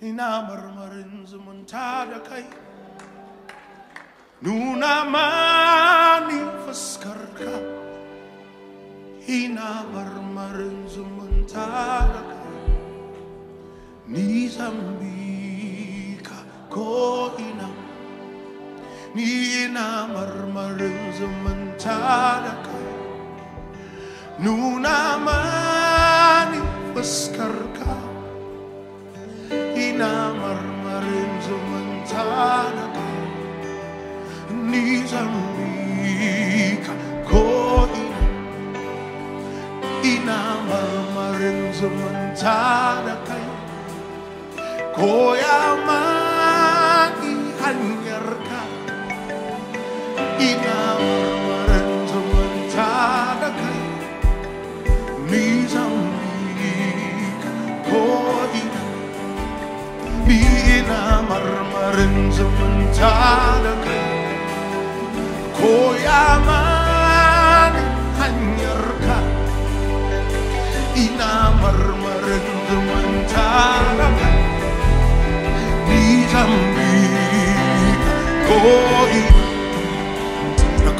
ina marmarin zumunta da kai nuna mani fuskarka ina marmarin zumunta da kai ni zambi ka ko ina ni ina marmarin zumunta da kai nuna mani fuskarka na marmarim zumantana ka nizamika ko ina ina marmarim zumantana ka ko ya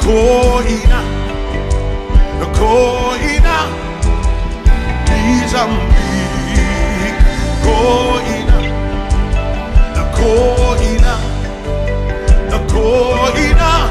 koina no koina Mozambique koina no koina no koina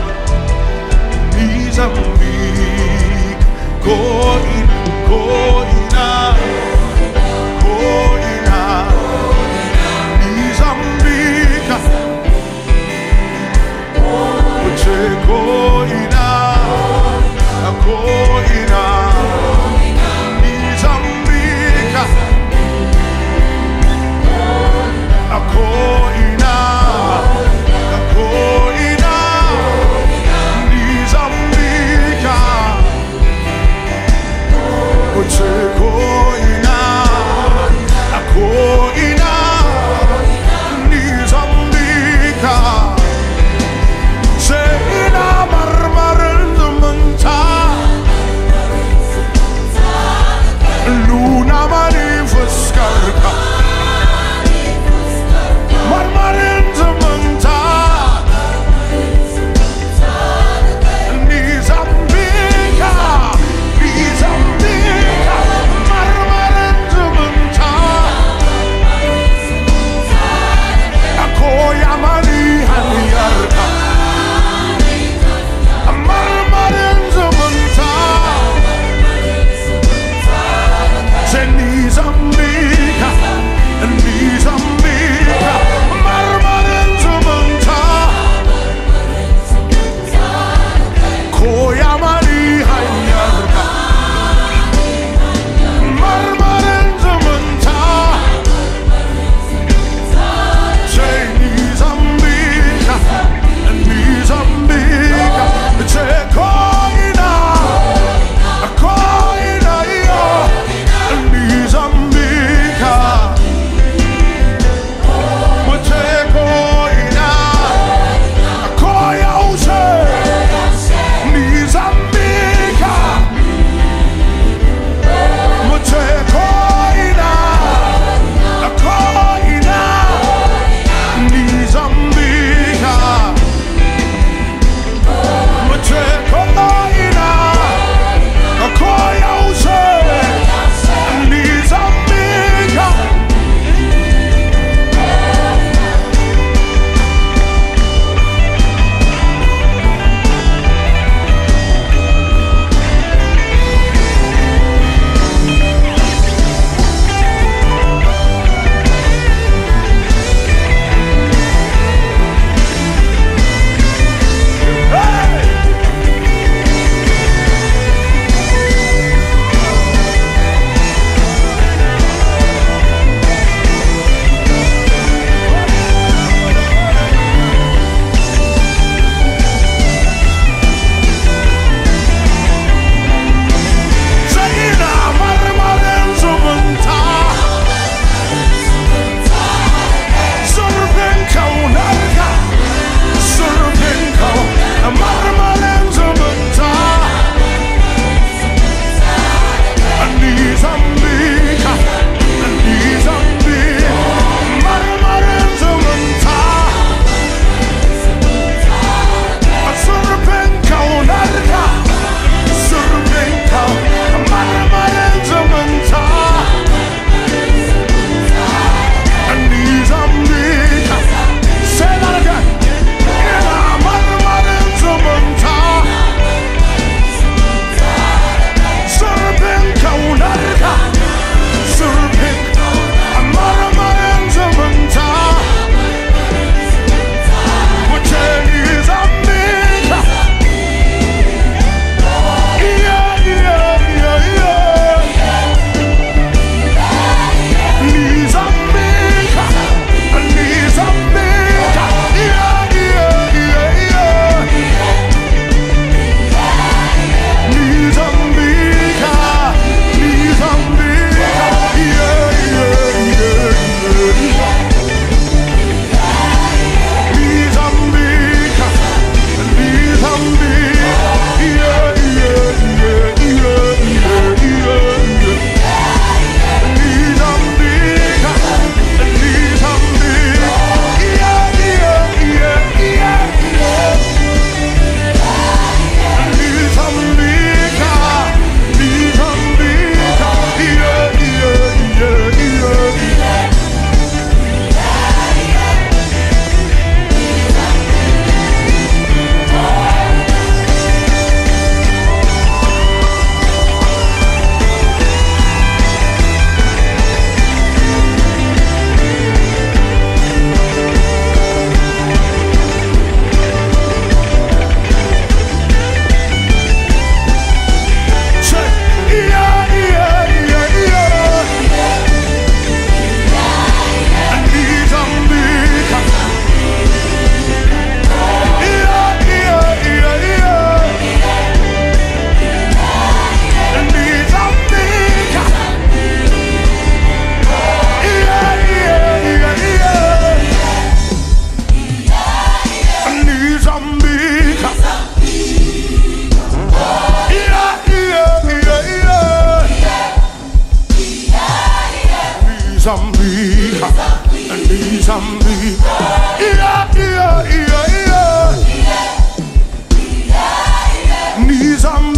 knees and